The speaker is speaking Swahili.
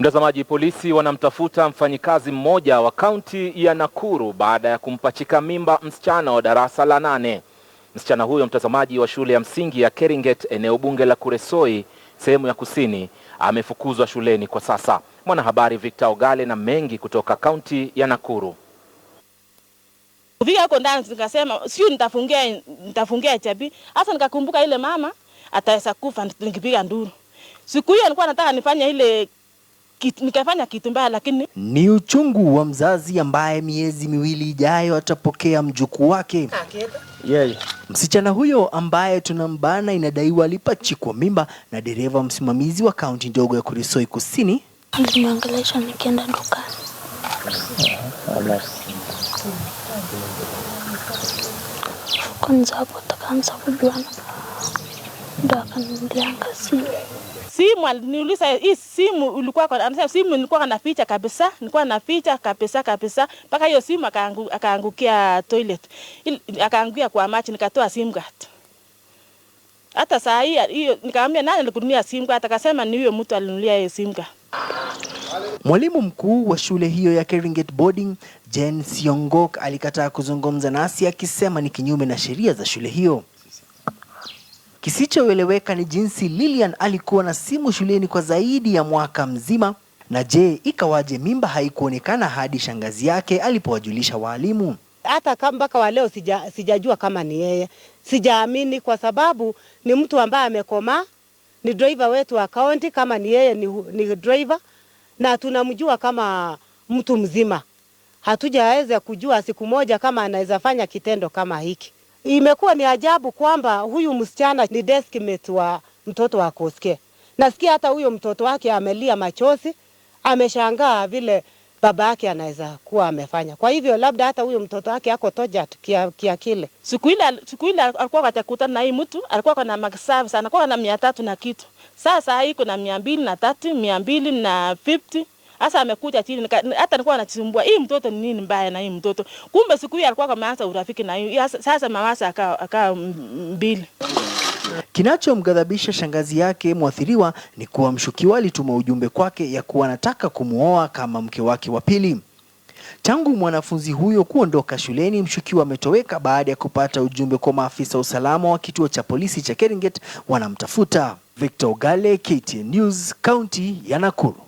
Mtazamaji, polisi wanamtafuta mfanyikazi mmoja wa kaunti ya Nakuru baada ya kumpachika mimba msichana wa darasa la nane. Msichana huyo mtazamaji, wa shule ya msingi ya Keringet, eneo bunge la Kuresoi, sehemu ya kusini, amefukuzwa shuleni kwa sasa. Mwanahabari Victor Ogale na mengi kutoka kaunti ya Nakuru. Kufika huko ndani nikasema sio, nitafungia nitafungia chabi hasa, nikakumbuka ile mama ataweza kufa, nikipiga nduru siku hiyo. Alikuwa anataka nifanye ile nikafanya kitu mbaya lakini ni uchungu wa mzazi ambaye miezi miwili ijayo atapokea mjukuu wake. Yeah. Msichana huyo ambaye tunambana inadaiwa alipachikwa mimba na dereva msimamizi wa kaunti ndogo ya Kurisoi Kusini. Nimeangalia nikienda dukani. Kwanza hapo takaanza kujuana ndo simu. Simu aliniuliza hii simu ulikuwa anasema simu nilikuwa kabisa, nilikuwa kabisa kabisa mpaka hiyo simu akaangu, akaangukia toilet. Akaangukia kwa maji nikatoa simu Hata saa hii hiyo nikamwambia nani simu Akasema ni huyo mtu hiyo simu Mwalimu mkuu wa shule hiyo ya Keringet Boarding Jane Siongok alikataa kuzungumza nasi akisema ni kinyume na sheria za shule hiyo. Kisichoeleweka ni jinsi Lilian alikuwa na simu shuleni kwa zaidi ya mwaka mzima, na je, ikawaje mimba haikuonekana hadi shangazi yake alipowajulisha waalimu? Hata kama mpaka wa leo sija, sijajua kama ni yeye, sijaamini kwa sababu ni mtu ambaye amekomaa, ni driver wetu wa kaunti. Kama ni yeye ni, ni driver na tunamjua kama mtu mzima, hatujaweza kujua siku moja kama anaweza fanya kitendo kama hiki. Imekuwa ni ajabu kwamba huyu msichana ni deskmate wa mtoto wa Koskei. Nasikia hata huyo mtoto wake amelia machozi, ameshangaa vile baba yake anaweza kuwa amefanya. Kwa hivyo labda hata huyo mtoto wake ako toja kiakili. Siku ile siku ile alikuwa atakutana na hii mtu, alikuwa na sana, anakuwa na 300 na kitu. Sasa hii kuna mia na tatu, mia mbili na sasa amekuja chini hata nilikuwa nachisumbua hii mtoto ni nini mbaya na hii mtoto. Kumbe siku hiyo alikuwa ameanza urafiki na hiyo. Sasa mawasa akawa akawa mbili. Kinachomghadhabisha shangazi yake mwathiriwa ni kuwa mshukiwa alituma ujumbe kwake ya kuwa anataka kumwoa kama mke wake wa pili. Tangu mwanafunzi huyo kuondoka shuleni, mshukiwa ametoweka baada ya kupata ujumbe kwa maafisa usalama wa kituo cha polisi cha Keringet wanamtafuta. Victor Gale, KTN News, kaunti ya Nakuru.